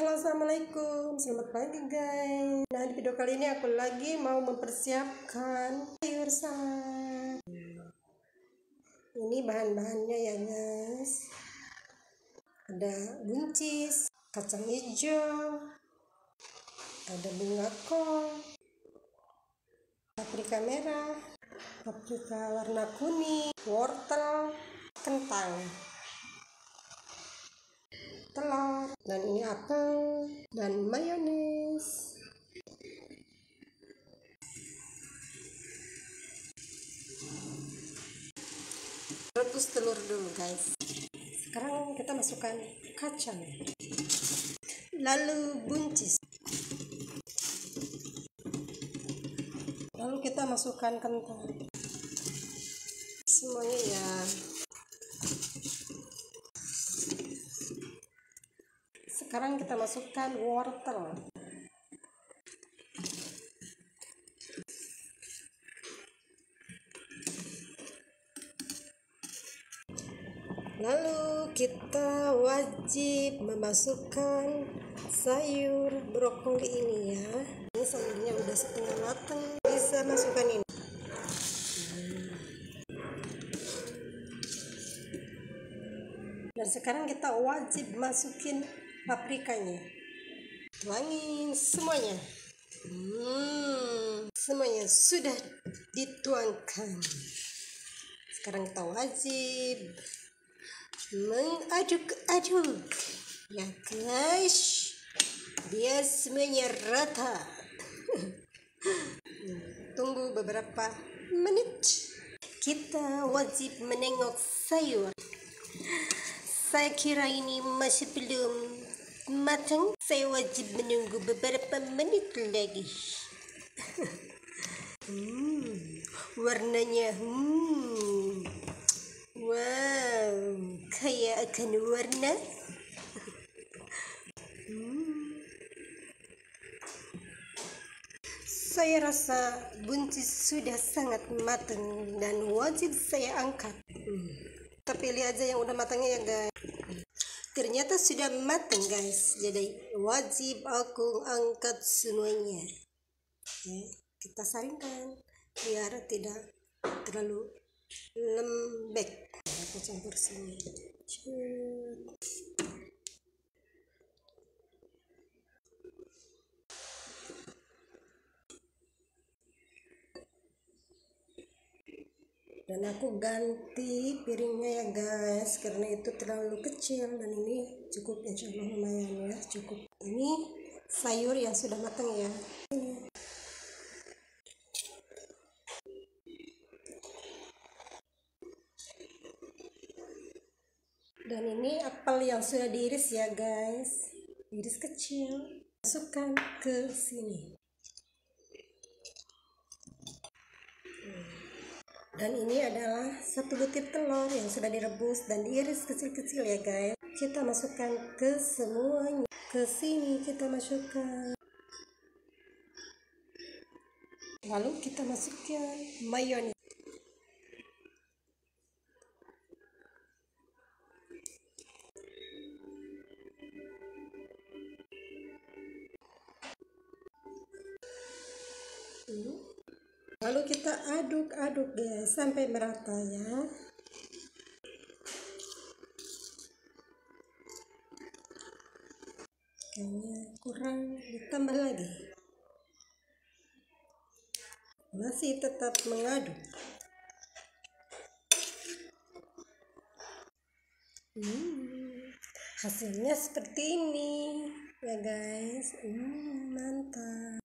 Halo assalamualaikum selamat pagi guys Nah di video kali ini aku lagi mau mempersiapkan sayur salad Ini bahan-bahannya ya guys Ada buncis, kacang hijau Ada bunga kol Paprika merah Paprika warna kuning Wortel Kentang dan ini apel dan mayones rebus telur dulu guys sekarang kita masukkan kacang lalu buncis lalu kita masukkan kentang semuanya ya sekarang kita masukkan wortel lalu kita wajib memasukkan sayur brokoli ini ya ini sayurnya udah setengah matang bisa masukkan ini dan sekarang kita wajib masukin paprikanya tuangin semuanya hmm, semuanya sudah dituangkan sekarang kita wajib mengaduk-aduk ya guys biar semuanya rata tunggu beberapa menit kita wajib menengok sayur saya kira ini masih belum matang, saya wajib menunggu beberapa menit lagi. hmm, warnanya, hmm, wow, kayak akan warna. hmm. Saya rasa buncis sudah sangat matang dan wajib saya angkat. Hmm. Tapi lihat aja yang udah matangnya ya guys ternyata sudah mateng guys jadi wajib aku angkat semuanya ya, kita saringkan biar tidak terlalu lembek aku campur sini dan aku ganti piringnya ya guys karena itu terlalu kecil dan ini cukup ya cukup lumayan ya cukup ini sayur yang sudah matang ya dan ini apel yang sudah diiris ya guys iris kecil masukkan ke sini dan ini adalah satu butir telur yang sudah direbus dan diiris kecil-kecil ya guys kita masukkan ke semuanya ke sini kita masukkan lalu kita masukkan mayonis lalu kita aduk-aduk ya sampai merata ya kayaknya kurang ditambah lagi masih tetap mengaduk hmm, hasilnya seperti ini ya guys hmm, mantap